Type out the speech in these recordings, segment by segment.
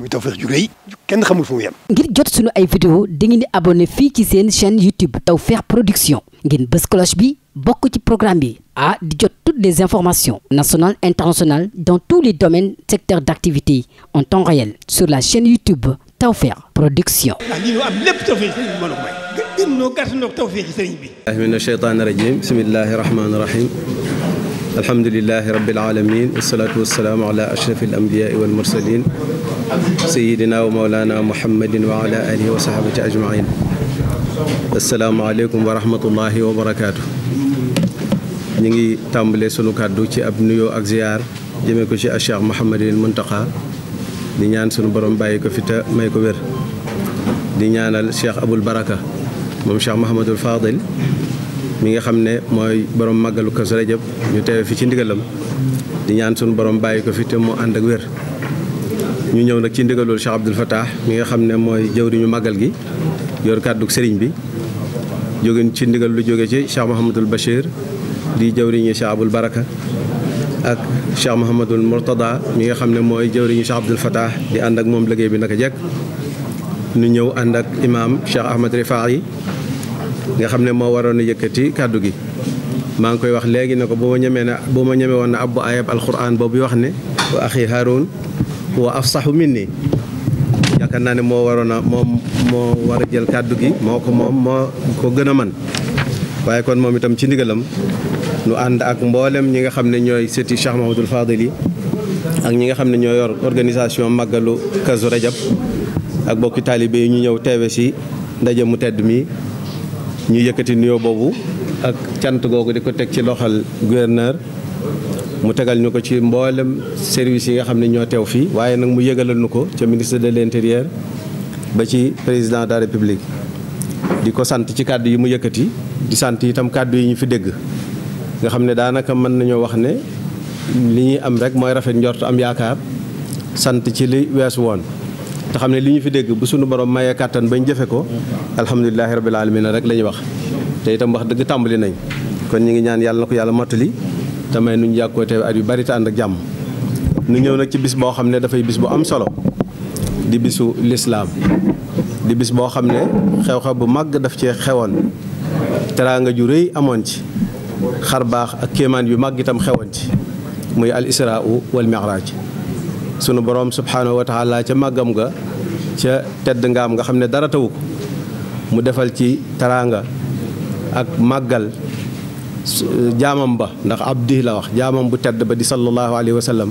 muy Tawfekh ju rëy kenn xamul fu mu yem. ngir jot sunu ay vidéo dangeen di abonné fii ci seen chaîne YouTube Tawfekh Production ngeen bës cloche bi bokk ci programme bi ah di jot toutes les informations nationales internationales dans tous les domaines secteurs d'activité en temps réel sur la chaîne YouTube Tawfekh Production. ah lii ñu am lépp Tawfekh sëriñ bi mën a may. gën gën ñoo gàtt ñoo ak Tawfekh sëriñ bi. mina shaytaani rajim bismillahi rahmaani rahim. alhamdulilahi rabbil alamin wasalaatu wasalaamu ala ashrafil anbiyaai wal mursalin sayidina wa mawlana muhammadin wa ala alihi wa sahabati ajmain asalaamaaleykum wa rahmatullahi wa barakaatu ñu ngi tàmbale sunu kàddu ci ab nuyoo ak ziyaar jëmee ko ci Cheikh Mouhamadul Muntaqa di ñaan sunu borom bàyyi ko fi te may ko wér di ñaanal Cheikh Abul Baraka moom Cheikh Mouhamadul Fadil mi nga xam ne mooy borom màggalu Kazu Rajab ñu teewe fi ci ndigalam di ñaan sunu borom bàyyi ko fi te mu ànd ak wér ñu ñëw nag ci ndigalul Cheikh Abdoul Fattah mi nga xam ne mooy jëwriñu màggal gi yor kàddu sëriñ bi jóge ci ndigal lu jóge ci Cheikh Mouhamadul Bachir di jëwriñu Cheikh Abul Baraka ak Cheikh Mouhamadul Mourtada mi nga xam ne mooy jëwriñu Cheikh Abdoul Fattah di ànd ak moom liggéey bi naka jekk nu ñëw ànd ak imaam Cheikh Ahmad Rifaa nga xam ne moo waroon a yëkkati kàddu gi maa ngi koy wax léegi ne ko bu ma ñemee ne bu ma ñemee woon ne abbu ayab alquran boobu wax ne wa axi wa afsahu ni yaakaar naa ne moo waroon a moom moo war a jël kàddu gi moo ko moom moo ko gën a man waaye kon moom itam ci ndigalam nu ànd ak mboolem ñi nga xam ne ñooy sëti Cheikh Mahamadul Fadil yi ak ñi nga xam ne ñoo yor organisation màggalu Kazu Rajab ak bokki taalibe yi ñu ñëw teewe si ndaje mu tedd mi ñu yëkkati nuyoo boobu ak cant googu di ko teg ci loxal gouverneur mu tegal ñu ko ci mboolem service yi nga xam ne ñoo teew fii waaye nag mu yëgalal ñu ko ca ministre de l'intérieur ba ci président de la république di ko sant ci kàddu yi mu yëkkati di sant itam kàddu yi ñu fi dégg nga xam ne daanaka mën nañoo wax ne li ñuy am rek mooy rafet njort am yaakaar sant ci li weesu woon te xam ne li ñu fi dégg bu suñu borom mayee kàttan bañ jëfe ko alhamdulilahi rabbil alamin rek la ñuy wax te itam wax dëgg tàmbali nañ kon ñu ngi ñaan yàlla na ko tamay nu ñu yàggoo teew at yu bari te ànd jàmm nu ñëw nag ci bis boo xam ne dafay bis bu am solo di bisu lislaam di bis boo xam ne xew-xew bu màgg daf cee xewoon teraanga ju rëy amoon ci xar baax ak kéemaan yu màgg itam xewoon ci muy al israa wal miraaj sunu borom subhaanahu wa ca màggam ga ca tedd ngaam nga xam ne dara tawu ko mu defal ci teraanga ak màggal jaamam ba ndax abdi la wax jaamam bu tedd ba di sallallahu alayhi wa sallam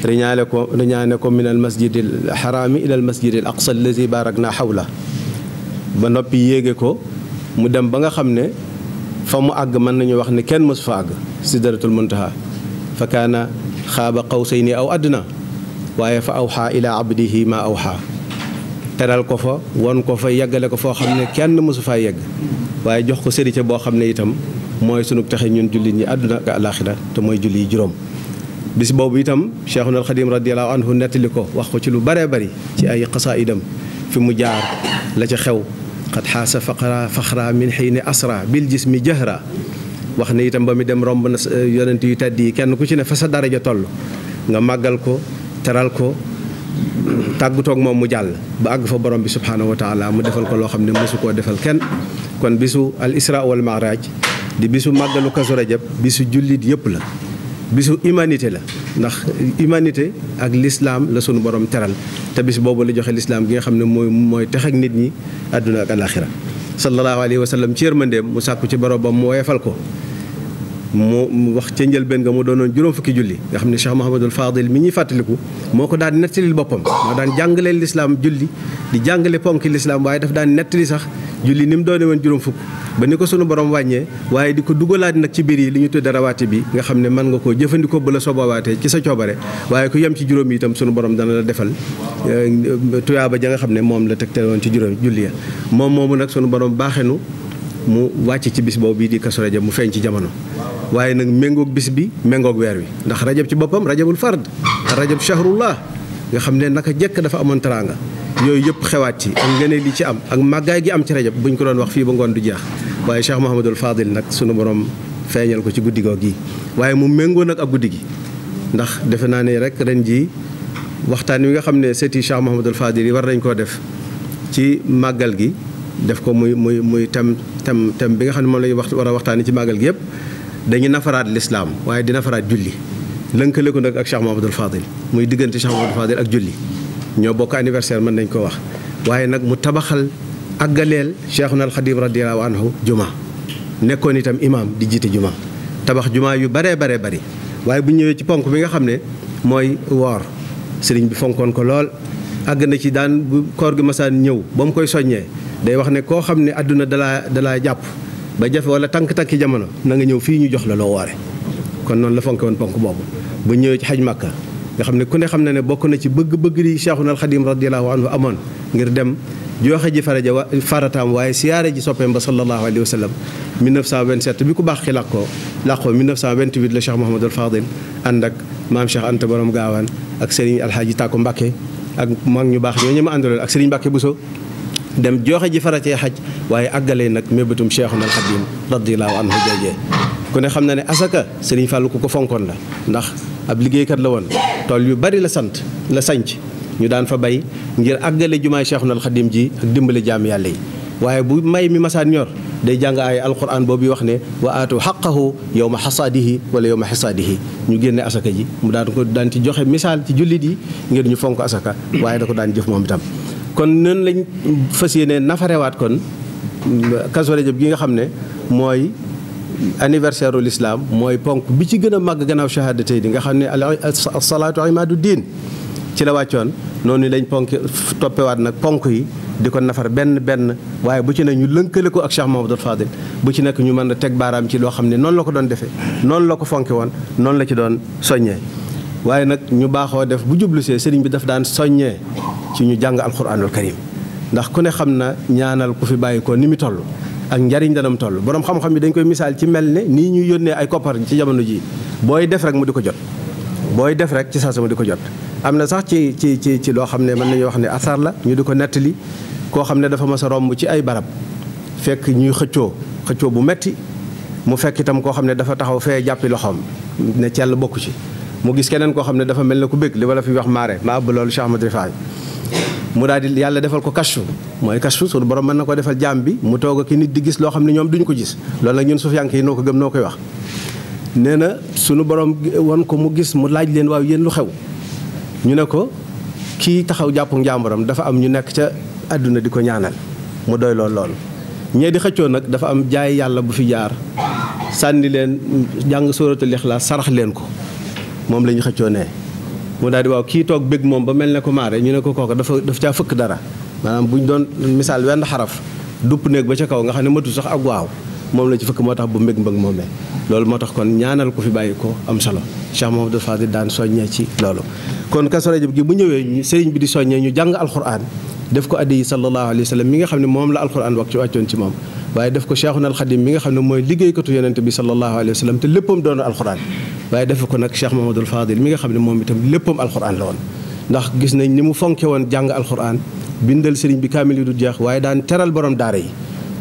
riñaane ko riñaane ko min al masjid al xaraami ila al masjid al aqsa allazi barak naa xawla ba noppi yéege ko mu dem ba nga xam ne fa mu àgg mën nañu wax ne kenn mësu fa àgg sidratul muntaha fa kaana xaaba xaw nii aw àddina waaye fa awxaa ila abdihi ma awxaa teral ko fa won ko fa yeggale ko foo xam ne kenn mësu faa yegg waaye jox ko sërica boo xam ne itam mooy sunu texe ñun jullit ñi àdduna ak àllaaxira te mooy julli yi juróom bis boobu itam cheikhuna alxadim radiallahu anhu nettali ko wax ko ci lu bëree bëri ci ay xasaayidam fi mu jaar la ca xew xat xaasa faqra faxra min xiini asra bil mi jahra wax ne itam ba mu dem romb na eh, yonent yu tedd yi kenn ku ci ne fa sa daraja toll nga màggal ko teral ko tàggutoog moom mu jàll ba àgg fa borom bi subhaanahu wa taala mu defal ko loo xam ne mësu koo defal kenn kon bisu al isra wal di bisu màggalu Kazu Rajab bisu jullit yëpp la bisu humanité la ndax humanité ak l'islam la sunu borom teral te boobu la joxe l'islam gi nga xam ne mooy mooy tax ak nit ñi àdduna ak alaxira sallallahu alayhi wa sallam ci yërmandeem mu sàkku ci borom ba mu woyefal ko mu wax ca njëlbéen nga mu doonoon juróom fukki julli nga xam ne Cheikh Mouhamadul Fadil mi ñuy fàttaliku moo ko daan nettalil boppam moo daan jàngaleel lislaam julli di jàngale ponki lislaam waaye daf daan nettali sax julli ni mu doone woon juróom fukk ba ni ko sunu borom wàññee waaye di ko dugalaat nag ci biir yi li ñu tudde rawaati bi nga xam ne mën nga koo jëfandikoo ba la soboowaatee ci sa coobare waaye ku yem ci juróom yi itam sunu borom dana la defal euh, tuyaaba ja nga xam ne moom la tegtal woon ci juróom julli ya moom moomu nag sunu borom baaxenu mu wàcc ci bis boobu bii di Kazu Rajab mu feeñ ci jamono waaye nag méngoog bis bi méngoog weer wi ndax rajab ci boppam rajabul fard rajab shahrullah nga xam ne naka jekk dafa amoon teraanga yooyu yëpp xewaat ci ak ngëneel li ci am ak màggaay gi am ci rajab buñ ko doon wax fii ba ngoon du jeex waaye Cheikh Mouhamadul Fadil nag sunu borom feeñal ko ci guddi googu yi waaye mu méngoo nag ak guddi gi ndax defe naa ne rek ren ji waxtaan wi nga xam ne seeti Cheikh Mouhamadul Fadil yi war nañ koo def ci màggal gi def ko muy muy muy tam tam tam bi nga xam ne moom la ñu wax war a waxtaanee ci màggal yëpp dañu nafaraat lislaam waaye di nafaraat julli lënkale ko nag ak Cheikh Mamadou Fadil muy diggante Cheikh Mamadou Fadil ak julli ñoo bokk anniversaire mën nañ ko wax waaye nag mu tabaxal àggaleel Cheikhuna al Xadim radiallahu anhu juma nekkoon itam imaam di jiite juma tabax jumaa yu baree baree bari waaye bu ñëwee ci ponk bi nga xam ne mooy woor sëriñ bi fonkoon ko lool àgg na ci daan bu koor gi masaan ñëw ba mu koy soññee day wax ne koo xam ne àdduna dalaa dalaa jàpp ba jafe wala tànk-tànki jamono na nga ñëw fii ñu jox la loo woore kon noonu la fonke woon ponk boobu bu ñëwee ci xaj màkka nga xam ne ku ne xam ne ne bokk na ci bëgg-bëgg yi Cheikhuna al Xadim radiyallahu amoon ngir dem jooxe ji faraja wa farataam waaye siyaare ji soppeem ba sallallahu alayhi wa sallam 1927 bi ku baax ki làqoo làqoo 1928 la Cheikh Mouhamadul Fadil ànd ak maam Cheikh Anta borom gaawaan ak Serigne Alhaji Tako ñu baax ñoo ñu ma àndaloon ak Serigne Mbacke Bousso dem joxe ji faratee xaj waaye àggalee nag mébétum Cheikhul Khadim radiyallahu anhu joojee kon ne xam na ne asaka Serigne Fallou ku ko fonkoon la ndax ab liggéeykat la woon tool yu bari la sant la sanc ñu daan fa bay ngir àggale jumaay Cheikhul Khadim ji ak dimbale jaam yàlla yi waaye bu may mi masaan ñor day jàng ay alquran boobu wax ne wa xaq xaqahu yow ma xasaadihi wala yow ma xasaadihi ñu génne asaka ji mu daan ko daan ci joxe misaal ci jullit yi ngir ñu fonk asaka waaye da ko daan jëf itam kon noonu lañ fas yéene nafarewaat kon Kazu Rajab gi nga xam ne mooy anniversaire ul mooy ponk bi ci gën a màgg gannaaw shahadatay di nga xam ne asalaatu imaadu diin ci la wàccoon noonu lañ ponk toppewaat nag ponk yi di ko nafar benn benn waaye bu ci ne ñu lënkale ko ak Cheikh Mahamadul Fadil bu ci nekk ñu mën a teg baaraam ci loo xam ne noonu la ko doon defee noonu la ko fonke woon noonu la ci doon soññee waaye nag ñu baaxoo def bu jublu see sëriñ bi dafa daan soññee ci ñu jàng alxuraanul karim ndax ku ne xam na ñaanal ku fi bàyyi ko ni mu toll ak njariñ danam toll borom xam-xam bi dañ koy misaal ci mel ne nii ñuy yónnee ay koppar ci jamono ji booy def rek mu di ko jot booy def rek ci saa sama di ko jot am na sax ci ci ci ci loo xam ne mën nañu wax ne asar la ñu di ko nettali koo xam ne dafa mas a romb ci ay barab fekk ñuy xëccoo xëccoo bu metti mu fekk itam koo xam ne dafa taxaw fee jàppi loxoom ne cell bokku ci mu gis keneen koo xam ne dafa mel ne ku bég li wala fi wax maare maa ëpp loolu Cheikh Ahmad Rifaay mu daal di yàlla defal ko kashfu mooy kashfu suñu borom mën na ko defal jaam bi mu toog ak nit di gis loo xam ne ñoom duñu ko gis loolu nag ñun sufiyanke yi noo ko gëm noo koy wax na suñu borom wan ko mu gis mu laaj leen waaw yéen lu xew ñu ne ko kii taxaw jàppu njàmbaram dafa am ñu nekk ca àdduna di ko ñaanal mu doy lool lool ñee di xëccoo nag dafa am jaay yàlla bu fi jaar sànni leen jàng sóoratul ixlaas sarax leen ko moom la ñu xëccoo nee mu daa di waaw kii toog bëgg moom ba mel ne ko maare ñu ne ko kooka dafa daf caa fëkk dara maanaam bu ñu doon misaal wenn xaraf dupp néeg ba ca kaw nga xam ne matul sax ak waaw moom la ci fëkk moo tax bu mbég mbëg moomee loolu moo tax kon ñaanal ko fi bàyyi ko am solo Cheikh Mamadou Fadil soññee ci loolu kon Kazu Rajab gi bu ñëwee sëriñ bi di soññee ñu jàng alquran def ko addi yi sallallahu ne moom la alquran wax ci wàccoon ci moom waaye def ko Cheikhuna al Xadim mi nga xam ne mooy liggéeykatu yonente bi sallallahu alayhi wa sallam te léppam doon alquran waaye defe ko nag Cheikh Mamadou Fadil mi nga xam ne moom itam léppam alxuraan la woon ndax gis nañ ni mu fonke woon jàng alxuraan bindal sëriñ bi kaamil yi du jeex waaye daan teral borom daara yi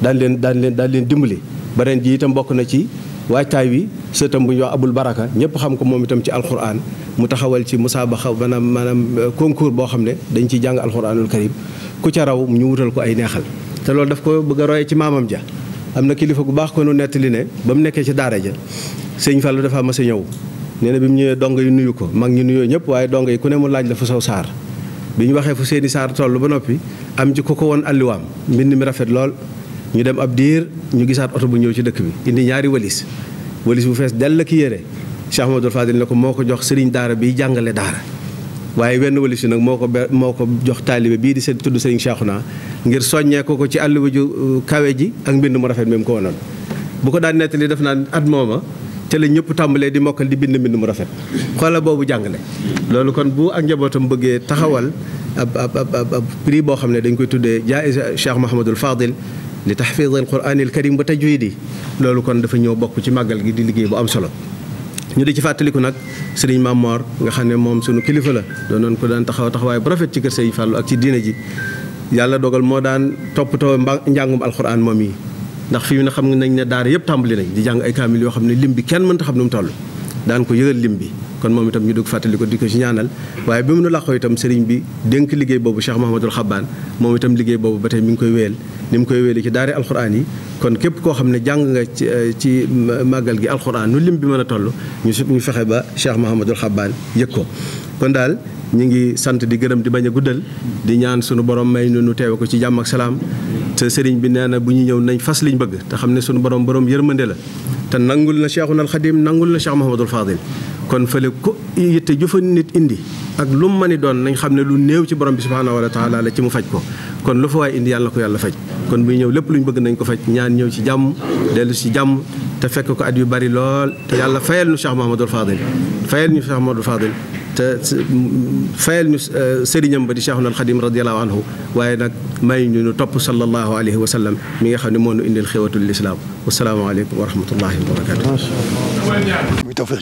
daan leen daan leen daan leen dimbali ba ren bokk na ci waajtaay wi sëtam bu ñu wax abul baraka ñëpp xam ko moom itam ci alxuraan mu taxawal ci musaabaxa maanaam maanaam euh, concours boo xam ne dañ ci jàng alxuraanul karim ku ca raw ñu wutal ko ay neexal te loolu daf ko bëgg a ci maamam ja am na kilifa gu baax ko nu nettali ne ba mu nekkee ci daara ja sëñ fa dafa mas a ñëw nee na bi mu ñëwee dong yi nuyu ko mag ñi nuyoo ñëpp waaye dong yi ku ne mu laaj la fu saw saar bi ñu waxee fu seeni saar toll ba noppi am ci ku ko woon alliwaam mbind mi rafet lool ñu dem ab diir ñu gisaat oto bu ñëw ci dëkk bi indi ñaari walis walis bu fees dell ki yére Cheikh Amadou Fadil ne ko moo ko jox sëriñ daara bi jàngale daara waaye wenn walis yi nag moo ko moo ko jox taalibe bii di seen tudd sëriñ Cheikhouna ngir soññee ko ci àlluwa ju kawe ji ak mbind mu rafet mi ko wonoon bu te la ñëpp tàmbalee di mokkal di bind mbind mu rafet xoola boobu jàngale loolu kon bu ak njabootam bëggee taxawal ab ab ab prix boo xam ne dañ koy tuddee jaa Cheikh Mahamadul Fadil li tahfiz al quranil karim ba di loolu kon dafa ñëw bokk ci màggal gi di liggéey bu am solo ñu di ci fàttaliku nag sëriñ Maam Moor nga xam ne moom sunu kilifa la doonoon ko daan taxaw taxawaay bu rafet ci kër Sëriñ Fàllu ak ci diine ji yàlla dogal moo daan toppatoo njàngum alquran moom yi ndax fii na xam nañ ne daara yëpp tàmbali nañ di jàng ay kaamil yoo xam ne lim bi kenn mënta xam nu mu toll daan ko yëgal lim bi kon moom itam ñu dugg fàttali ko di ko ci ñaanal waaye bi mu nu làqoo itam sëriñ bi dénk liggéey boobu Cheikh Mahamadul Xabbaan moom itam liggéey boobu ba tey mi ngi koy wéyal ni mu koy wéyale ci daari alxuraan yi kon képp koo xam ne jàng nga eh, ci màggal gi alxuraan nu lim bi mën a toll ñu ñu fexe ba Cheikh Mahamadul Xabbaan yëg ko kon daal ñu ngi sant di gërëm di bañ a guddal di ñaan sunu borom may nu nu ko ci jàmm ak salaam te sëriñ bi nee na bu ñu ñëw nañ fas liñ bëgg te xam ne suñu borom borom yërmande la te nangul na Cheikhul Khadim nangul na Cheikh Mahamadul Fadil kon fële ku yitte ju fa nit indi ak lu mu mën a doon nañ xam ne lu néew ci borom bi subhaanahu wa taala la ci mu faj ko kon lu fa waay indi yàlla ko yàlla faj kon buy ñëw lépp luñ bëgg nañ ko faj ñaan ñëw ci jàmm dellu ci jàmm te fekk ko at yu bari lool te yàlla fayal nu Cheikh Mahamadul Fadil fayal ñu Cheikh Mahamadul Fadil te fayal ñu euh, sëriñam ba di Cheikhul Khadim radiyallahu anhu waaye nag may ñu ñu topp sallallahu alayhi wa sallam mi nga xam ne moo ñu indil xéwatul lislaam wasalaamaaleykum wa rahmatullahi wa barakatuh muy tawfeex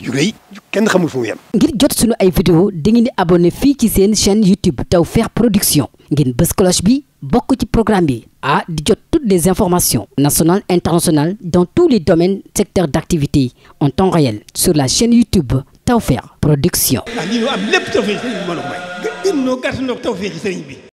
ngir jot suñu ay vidéo di ngeen di abonné fii ci seen chaîne YouTube Tawfekh Production ngeen bës bi bokk ci programme bi ah di jot toutes les informations nationales internationales dans tous les domaines secteurs d'activité en temps réel sur la chaîne YouTube Tawfekh Production. Ah, am lépp tawfeer ci sëriñ bi mën a may. gën noo gàtt noo tawfeer ci sëriñ bi.